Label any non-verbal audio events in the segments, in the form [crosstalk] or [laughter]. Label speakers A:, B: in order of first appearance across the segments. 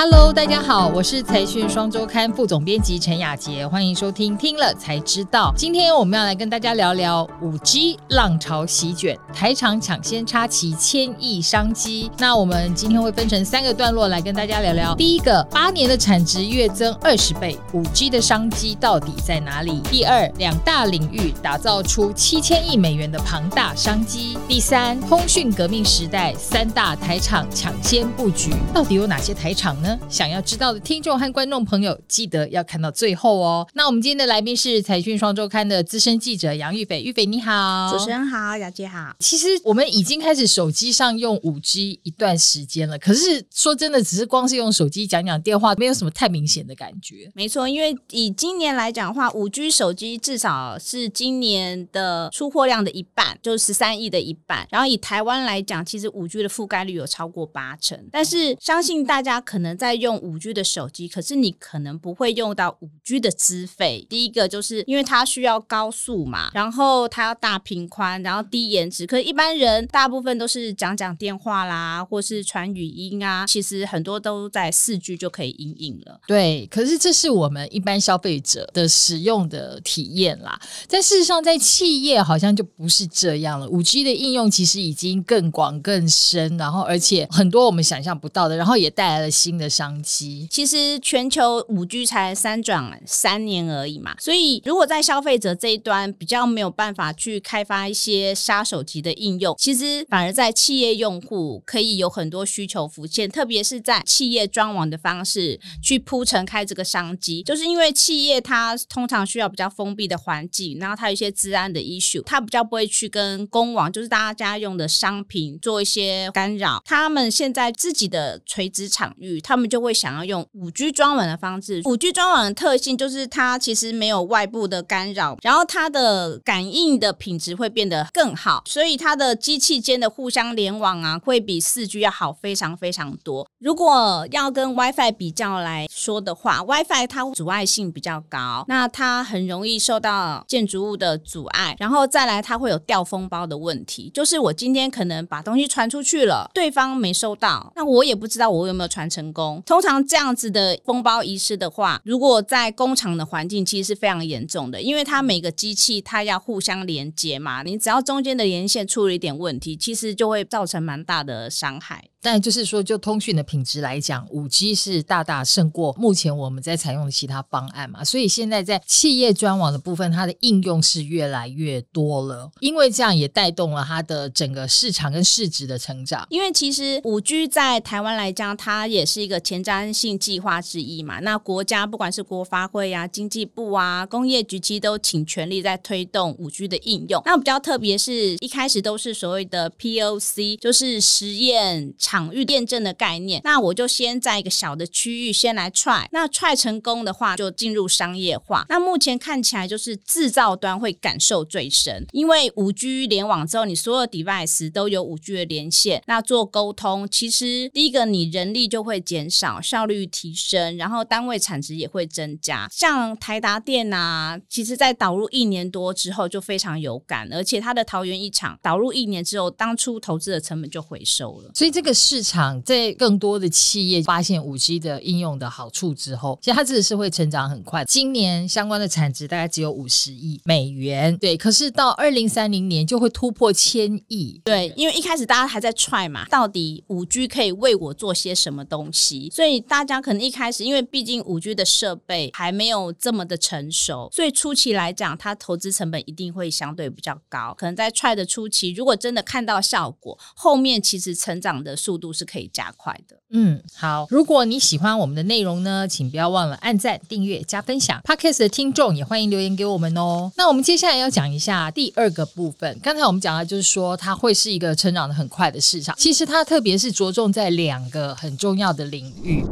A: Hello，大家好，我是財訊雙周刊副總編輯陳雅潔，歡迎收聽聽了才知道。今天我們要來跟大家聊聊五 G 浪潮席捲，台廠搶先插旗千億商機。那我們今天會分成三個段落來跟大家聊聊。第一個，八年的產值躍增二十倍，五 G 的商機到底在哪裡？第二，兩大領域打造出七千億美元的龐大商機。第三，通訊革命時代，三大台廠搶先布局，到底有哪些台廠呢？想要知道的聽眾和觀眾朋友，記得要看到最後哦。那我們今天的來賓是《財訊雙周刊》的資深記者楊喻斐，喻斐你好，主持人
B: 好，雅姐好。其實
A: 我們已經開始手機上用五 G 一段時間了，可是說真的，只是光是用手機講講電話，沒有什麼太明顯的感覺。
B: 沒錯，因為以今年來講的話，五 G 手機至少是今年的出貨量的一半，就是十三億的一半。然後以台灣來講，其實五 G 的覆蓋率有超過八成，但是相信大家可能。在用五 G 的手機，可是你可能不會用到五 G 的資費。第一個就是因為它需要高速嘛，然後它要大頻寬，然後低延遲。可是一般人大部分都是講講電話啦，或是傳語音啊，其實很多都在四 G 就可以應用了。
A: 對，可是這是我們一般消費者的使用的體驗啦。但事實上，在企業好像就不是這樣了。五 G 的應用其實已經更廣更深，然後而且很多我們想象不到的，然後也帶來了新的。商
B: 機。其實全球五 G 才商轉，三年而已嘛，所以如果在消費者這一端比較沒有辦法去開發一些殺手級的應用，其實反而在企業用戶可以有很多需求浮現，特別是在企業專網的方式去鋪陳開這個商機，就是因為企業它通常需要比較封閉的環境，然後它有一些資安的 issue，它比較不會去跟公網就是大家用的商品做一些干擾，他們現在自己的垂直場域，它他們就會想要用五 G 專網的方式。五 G 專網的特性就是它其實沒有外部的干擾，然後它的感應的品質會變得更好，所以它的機器間的互相聯網啊，會比四 G 要好非常非常多。如果要跟 WiFi 比較來說的話，WiFi 它阻礙性比較高，那它很容易受到建築物的阻礙，然後再來它會有掉封包的問題，就是我今天可能把東西傳出去了，對方沒收到，那我也不知道我有沒有傳成功。通常，這樣子的封包遺失的話，如果在工廠的環境，其實是非常嚴重的，因為它每個機器它要互相連接嘛，你只要中間的連線出了一點問題，其實就會造成蠻大的傷害。
A: 但就是說，就通訊的品質來講，五 G 是大大勝過目前我們在採用的其他方案嘛。所以現在在企業專網的部分，它的應用是越來越多了，因為這樣也帶動了它的整個市場跟市值的成長。因
B: 為其實五 G 在台灣來講，它也是一個前瞻性計劃之一嘛。那國家不管是國發會啊、經濟部啊、工業局其實都傾全力在推動五 G 的應用。那比較特別是一開始都是所謂的 POC，就是實驗。場域驗證的概念，那我就先在一個小的區域先來 try，那 try 成功的話就進入商業化。那目前看起來就是製造端會感受最深，因為 5G 聯網之後，你所有 device 都有 5G 的連線，那做溝通，其實第一個你人力就會減少，效率提升，然後單位產值也會增加。像台達電啊，其實在導入一年多之後就非常有感，而且它的桃園一廠，導入一年之後，當初投資的成本就回收了，
A: 所以這個是。市場在更多的企業發現五 G 的應用的好處之後，其實它真的是會成長很快。今年相關的產值大概只有五
B: 十億美元，對。可是到
A: 二零三零年就會突破千億，對。
B: 因為一開始大家還在踹嘛，到底五 G 可以為我做些什麼東西？所以大家可能一開始，因為畢竟五 G 的設備還沒有這麼的成熟，所以初期來講，它投資成本一定會相對比較高。可能在踹的初期，如果真的看到效果，後面其實成長的。速度是可以加快的。
A: 嗯，好。如果你喜歡我們的內容呢，請不要忘了按讚、訂閱、加分享。Podcast 的聽眾也歡迎留言給我們哦。那我們接下來要講一下第二個部分。剛才我們講到就是說它會是一個成長得很快的市場。其實它特別是着重在兩個很重要的領域。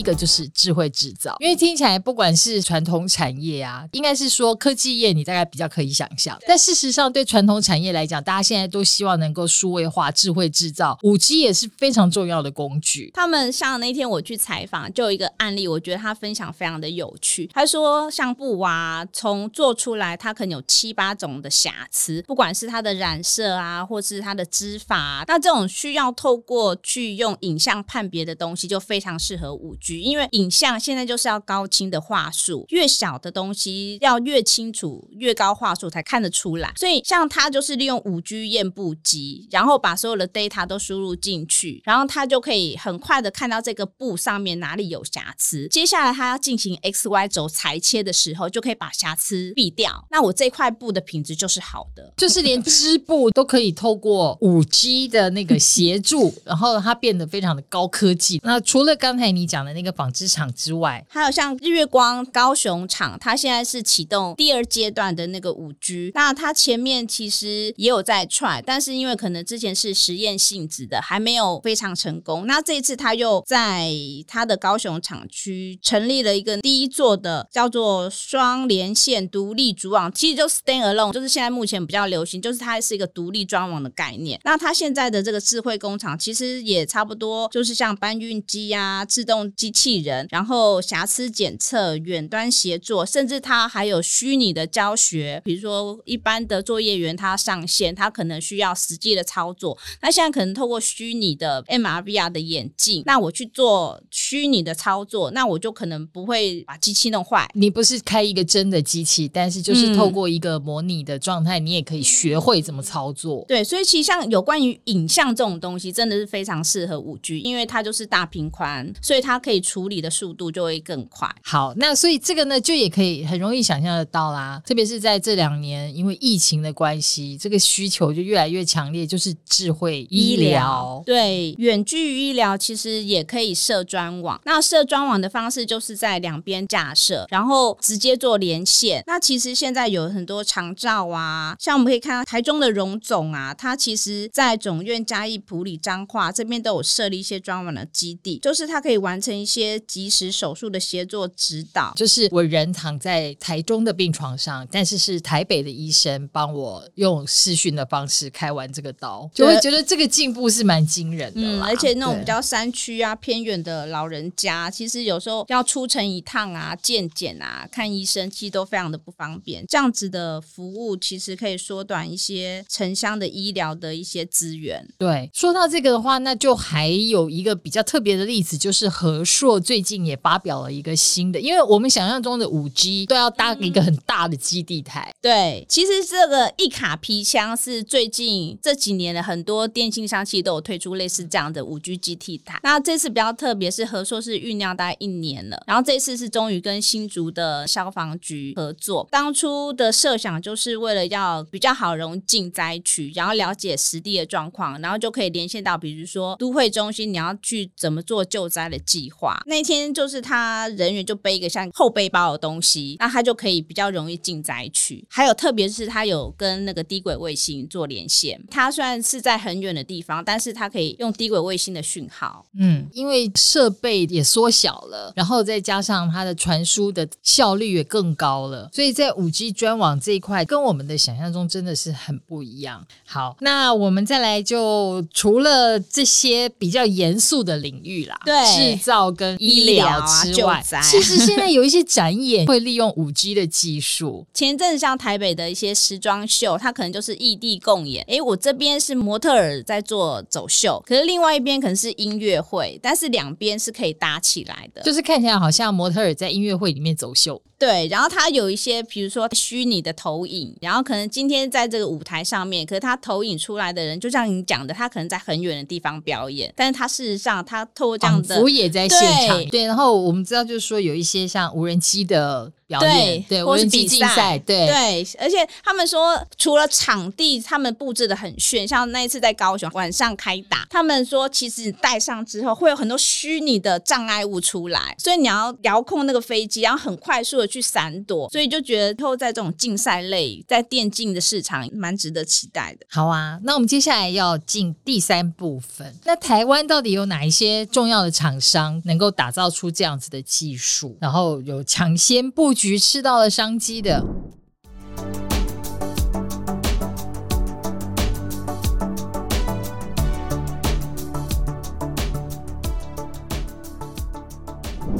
A: 一個就是智慧製造，因為聽起來不管是傳統產業啊，應該是說科技業，你大概比較可以想象。但事實上，對傳統產業來講，大家現在都希望能夠數位化、智慧製造，五 G 也是非常重要的工具。
B: 他們像那天我去採訪，就有一個案例，我覺得他分享非常的有趣。他說，像布啊，從做出來它可能有七八種的瑕疵，不管是它的染色啊，或是它的織法啊，那這種需要透過去用影像判別的東西，就非常適合五 G。因為影像現在就是要高清的畫素，越小的東西要越清楚，越高畫素才看得出來。所以像它就是利用五 G 驗布機，然後把所有的 data 都輸入進去，然後它就可以很快地看到這個布上面哪裡有瑕疵。接下來它要進行 XY 軸裁切的時候，就可以把瑕疵避掉。那我這塊布的品質就是好的，就是
A: 連織布都可以透過五 G 的那個協助， [laughs] 然後它變得非常的高科技。那除了剛才你講的那個。一個紡織廠之外，
B: 還有像日月光高雄廠，它現在是啟動第二階段的那個 5G。那它前面其實也有在 try，但是因為可能之前是實驗性質的，還沒有非常成功。那這一次，它又在它的高雄廠區成立了一個第一座的叫做雙連線獨立組網，其實就 stand alone，就是現在目前比較流行，就是它是一個獨立專網的概念。那它現在的這個智慧工廠，其實也差不多，就是像搬運機啊、自動機。機器人，然後瑕疵檢測、遠端協作，甚至它還有虛擬的教學。比如說，一般的作業員他上線，他可能需要實際的操作。那現在可能透過虛擬的 MRVR 的眼鏡，那我去做虛擬的操作，那我就可能不會把機器弄壞。
A: 你不是開一個真的機器，但是就是透過一個模擬的狀態，嗯、你也可以學會怎麼操作。
B: 對，所以其實像有關於影像這種東西，真的是非常適合五 G，因為它就是大頻寬，所以它可以。處理的速度就會更快。好，
A: 那所以這個呢，就也可以很容易想象得到啦。特別是在這兩年，因為疫情的關係，這個需求就越來越強烈，就是智慧醫療。
B: 對，遠距醫療其實也可以設專網。那設專網的方式就是在兩邊架設，然後直接做連線。那其實現在有很多長照啊，像我們可以看到台中的榮總啊，他其實在總院、嘉義、埔里、彰化這邊都有設立一些專網的基地，就是他可以完成一些。些及時手術的協作指導，就是我人躺在台中的病床
A: 上，但是是台北的醫生幫我用視訊的方式開完這個刀，就會覺得這個進步是蠻驚人的。嗯，而且那種比較
B: 山區啊、偏遠的老人家，其實有時候要出城一趟啊、見診啊、看醫生，其實都非常的不方便。這樣子的服務其實可以縮短一些城鄉的醫療的一些資源。
A: 對，說到這個的話，那就還有一個比較特別的例子，就是和。碩最近也發表了一個新的，因為我們想象中的五 G 都要搭一個很大的基地台。嗯、
B: 對，其實這個一卡皮箱是最近這幾年的很多電信商企都有推出類似這樣的五 G 基地台。那這次比較特別，是和碩是醞釀大概一年了，然後這次是終於跟新竹的消防局合作。當初的設想就是為了要比較好容進災區，然後了解實地的狀況，然後就可以連線到比如說都會中心，你要去怎麼做救災的計劃。那天就是他人員就背一個像後背包的東西，那他就可以比較容易進災區。還有特別是他有跟那個低軌衛星做連線，他雖然是在很遠的地方，但是他可以用低軌衛星的訊號。嗯，因為設
A: 備也縮小了，然後再加上它的傳輸的效率也更高了，所以在 5G 專網這一塊，跟我們的想象中真的是很不一樣。好，那我們再來就除了這些比較嚴肅的領域啦，對，製造。跟醫療啊，就、啊、其實現在有一些展演會利用 5G 的技術。 [laughs]
B: 前陣子，像台北的一些時裝秀，它可能就是異地共演。哎、欸，我這邊是模特兒在做走秀，可是另外一邊可能是音樂會，但是兩邊是可以搭起來的，就是
A: 看起來好像模特兒在音樂會裡面走秀。
B: 對，然後它有一些，比如說虛擬的投影，然後可能今天在這個舞台上面，可是它投影出來的人，就像你講的，他可能在很遠的地方表演，但是他事實上他透過這樣的，我也在現場。對。對，
A: 然後我們知道就是說有一些像無人機的。對，對，或是，是比賽，對，
B: 對，而且他們說，除了場地，他們布置的很炫，像那一次在高雄晚上開打，他們說其實戴上之後會有很多虛擬的障礙物出來，所以你要遙控那個飛機，然後很快速的去閃躲，所以就覺得以後在這種競賽類，在電競的市場蠻值得期待的。好啊，那我們接下來要進第三部分，那台灣到底有
A: 哪一些重要的廠商能夠打造出這樣子的技術，然後有搶先布局吃到了商機的。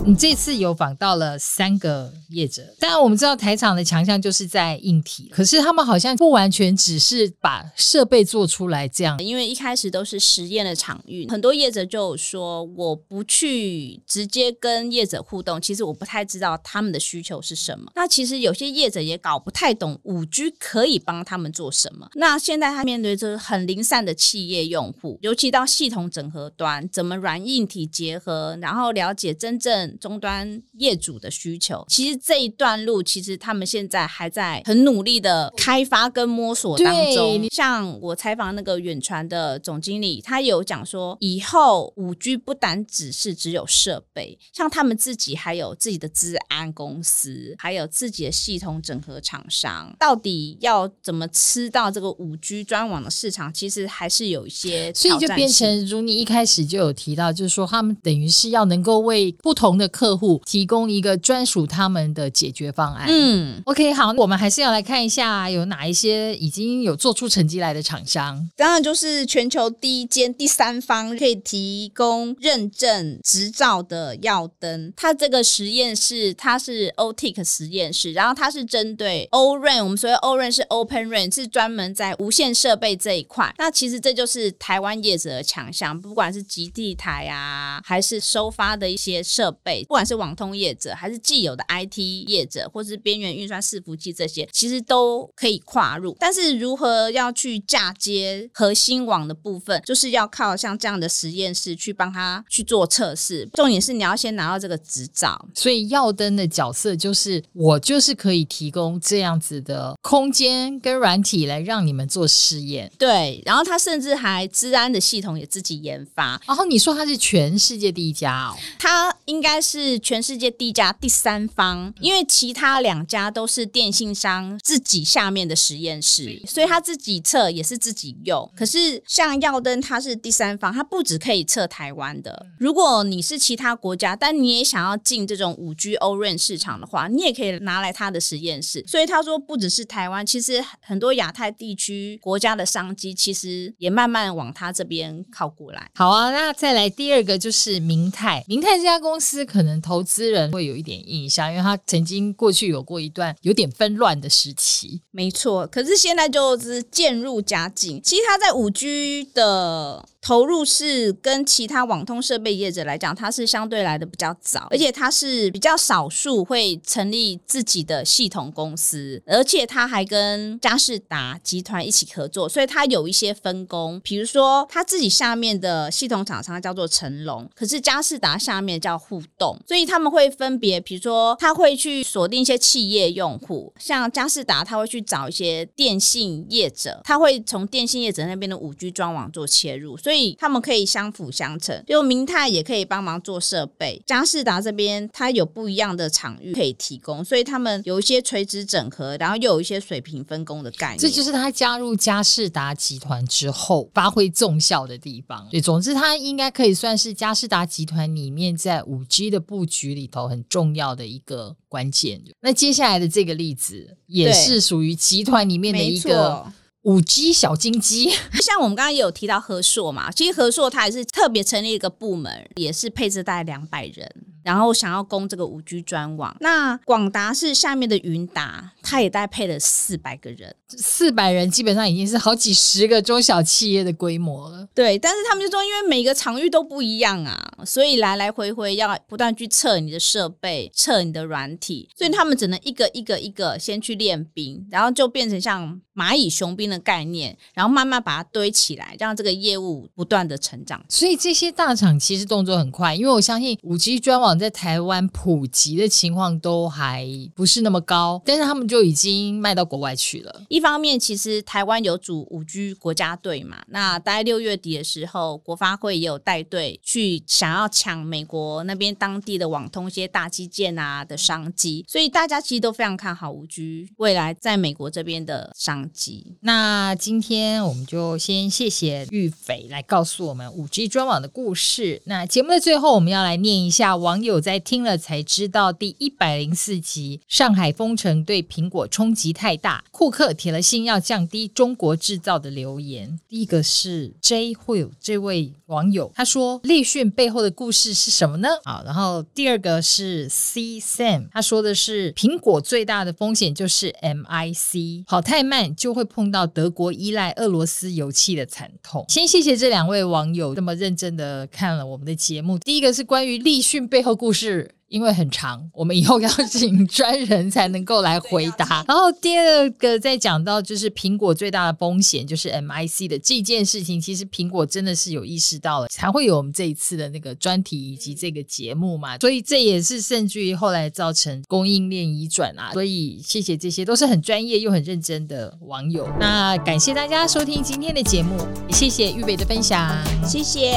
A: 你、嗯、這次有訪到了三個業者，當然我們知道台廠的強項就是在硬體，可是他們好像不完全只是把設備做出來這樣，
B: 因為一開始都是實驗的場域，很多業者就說，我不去直接跟業者互動，其實我不太知道他們的需求是什麼。那其實有些業者也搞不太懂五 G 可以幫他們做什麼。那現在他面對就是很零散的企業用戶，尤其到系統整合端，怎麼軟硬體結合，然後了解真正。終端業主的需求，其實這一段路，其實他們現在還在很努力的開發跟摸索當中。像我採訪那個遠傳的總經理，他有講說，以後五 G 不單只是只有設備，像他們自己還有自己的資安公司，還有自己的系統整合廠商，到底要怎麼吃到這個五 G 專網的市場，其實還是有一些挑戰性。所以就變成，
A: 如你一開始就有提到，就是說他們等於是要能夠為不同。的客戶提供一個專屬他們的解決方案。嗯，OK，好，我
B: 們還是要來看一下有哪一些已經有做出成績來的廠商。當然就是全球第一間第三方可以提供認證執照的耀登。它這個實驗室，它是 OTIC 實驗室，然後它是針對 O-RAN 我們所謂 O-RAN 是 Open RAN 是專門在無線設備這一塊。那其實這就是台灣業者的強項，不管是基地台啊，還是收發的一些設備。不管是網通業者，還是既有的 IT 業者，或者是邊緣運算伺服器這些，其實都可以跨入。但是如何要去嫁接核心網的部分，就是要靠像這樣的實驗室去幫他去做測試。重點是你要先拿到這個執照，
A: 所以耀登的角色就是我，就是可以提供這樣子的空間跟軟體來讓你們做試驗。
B: 對，然後他甚至還資安的系統也自己研發。然後，哦，你說他是全世界第一家哦，他應該。應該是全世界第一家第三方，因為其他兩家都是電信商自己下面的實驗室，所以他自己測也是自己用。可是像耀登他是第三方，他不止可以測台灣的，如果你是其他國家，但你也想要進這種 5G O-RAN 市場的話，你也可以拿來他的實驗室。所以他說，不只是台灣，其實很多亞太地區國家的商機，其實也慢慢往他這邊靠過來。
A: 好啊，那再來第二個就是明泰，明泰這家公司。這可能投資人會有一點印象，因為他曾經過去有過一段有點紛亂的
B: 時期，沒錯。可是現在就是漸入佳境。其實他在 5G 的投入是跟其他網通設備業者來講，它是相對來得比較早，而且它是比較少數會成立自己的系統公司，而且它還跟佳世達集團一起合作，所以它有一些分工。比如說，它自己下面的系統廠商叫做成龍，可是佳世達下面叫互動，所以他們會分別，比如說，他會去鎖定一些企業用戶，像佳世達，他會去找一些電信業者，他會從電信業者那邊的五 G 專網做切入，所所以他們可以相輔相成，就明泰也可以幫忙做設備，佳士達這邊它有不一樣的場域可以提供，所以他們有一些垂直整合，然後又有一些水平分工的概念。這就
A: 是他加入佳士達集團之後發揮綜效的地方。對，總之他應該可以算是佳士達集團裡面在五 G 的布局裡頭很重要的一個關鍵。那接下來的這個例子也是屬於集團裡面的一個。五 G 小金雞 [laughs] ，
B: 像我們剛剛也有提到和碩嘛，其實和碩它也是特別成立一個部門，也是配置大概兩百人，然後想要攻這個五 G 專網。那廣達是下面的雲達，它也大概配了四百個人，四
A: 百人基本上已經是好幾十個中小企業的規模
B: 了。對，但是他們就說，因為每個場域都不一樣啊，所以來來回回要不斷去測你的設備，測你的軟體，所以他們只能一個一個一個先去練兵，然後就變成像螞蟻雄兵的概念，然後慢慢把它堆起來，讓這個業務不斷的成長。
A: 所以這些大廠其實動作很快，因為我相信 5G 專網在台灣普及的情況都還不是那麼高，但是他們就已經
B: 賣到國外去了。一方面，其實台灣有組 5G 國家隊嘛，那大概六月底的時候，國發會也有帶隊去想要搶美國那邊當地的網通一些大基建啊的商機，所以大家其實都非常看好 5G 未來在美國這邊的商機。
A: 那那今天我們就先謝謝喻斐來告訴我們五 G 專網的故事。那節目的最後，我們要來念一下網友在聽了才知道第一百零四集上海封城對蘋果衝擊太大，庫克鐵了心要降低中國制造的留言。第一個是 J Hill 這位網友，他說立訊背後的故事是什麼呢？好，然後第二個是 C Sam，他說的是蘋果最大的風險就是 M I C 跑太慢就會碰到。德國依賴俄羅斯油氣的慘痛。先謝謝這兩位網友，這麼認真的看了我們的節目。第一個是關於立訊背後故事，因為很長，我們以後要請專人才能夠來回答。啊、然後第二個，再講到就是蘋果最大的風險就是 MIC 的這件事情，其實蘋果真的是有意識到了，才會有我們這一次的那個專題以及這個節目嘛。所以這也是甚至於後來造成供應鏈移轉啊。所以謝謝這些都是很專業又很認真的網友。嗯、那感謝大家收聽今天的節目，也謝謝喻斐的分享，謝謝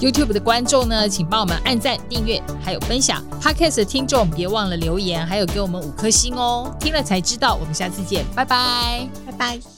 A: YouTube 的觀眾呢，請幫我們按讚、訂閱還有分享。cast 的聽眾別忘了留言，還有給我們五顆星哦！聽了財知道，我們下次見，拜拜，拜拜。